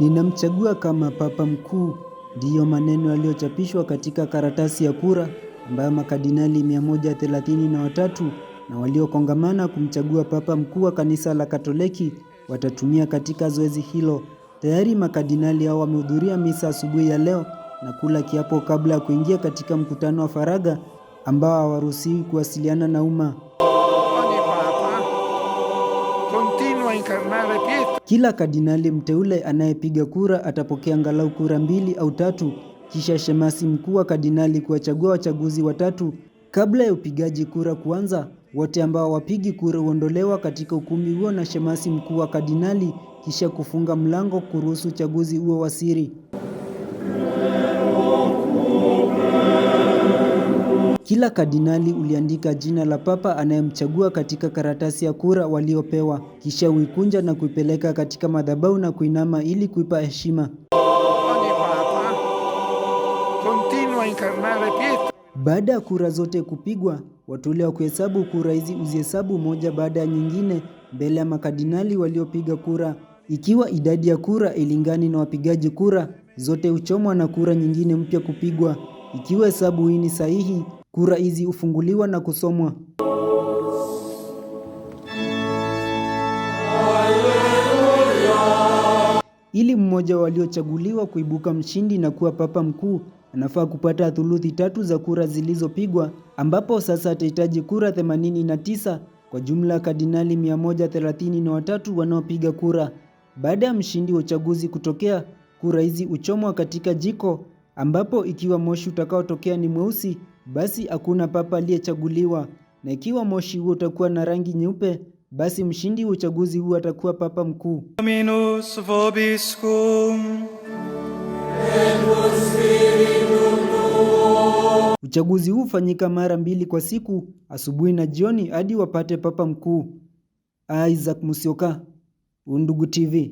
Ninamchagua kama papa mkuu, ndiyo maneno yaliyochapishwa katika karatasi ya kura ambayo makadinali 133 na waliokongamana kumchagua papa mkuu wa kanisa la Katoliki watatumia katika zoezi hilo. Tayari makadinali hao wamehudhuria misa asubuhi ya leo na kula kiapo kabla ya kuingia katika mkutano wa faragha ambao hawaruhusiwi kuwasiliana na umma. Kila kardinali mteule anayepiga kura atapokea angalau kura mbili au tatu, kisha shemasi mkuu wa kardinali kuwachagua wachaguzi watatu. Kabla ya upigaji kura kuanza, wote ambao wapigi kura huondolewa katika ukumbi huo na shemasi mkuu wa kardinali, kisha kufunga mlango kuruhusu uchaguzi huo wa siri. Kila kardinali uliandika jina la papa anayemchagua katika karatasi ya kura waliopewa, kisha huikunja na kuipeleka katika madhabahu na kuinama ili kuipa heshima. Baada ya kura zote kupigwa, watule wa kuhesabu kura hizi huzihesabu moja baada ya nyingine mbele ya makardinali waliopiga kura. Ikiwa idadi ya kura ilingani na wapigaji kura, zote huchomwa na kura nyingine mpya kupigwa. Ikiwa hesabu hii ni sahihi, Kura hizi hufunguliwa na kusomwa. Ili mmoja waliochaguliwa kuibuka mshindi na kuwa papa mkuu anafaa kupata thuluthi tatu za kura zilizopigwa, ambapo sasa atahitaji kura 89 kwa jumla kardinali 133 wanaopiga kura. Baada ya mshindi wa uchaguzi kutokea, kura hizi huchomwa katika jiko, ambapo ikiwa moshi utakaotokea ni mweusi basi hakuna papa aliyechaguliwa, na ikiwa moshi huo utakuwa na rangi nyeupe, basi mshindi wa uchaguzi huo atakuwa papa mkuu. Uchaguzi huu hufanyika mara mbili kwa siku, asubuhi na jioni, hadi wapate papa mkuu. Isaac musioka Undugu TV.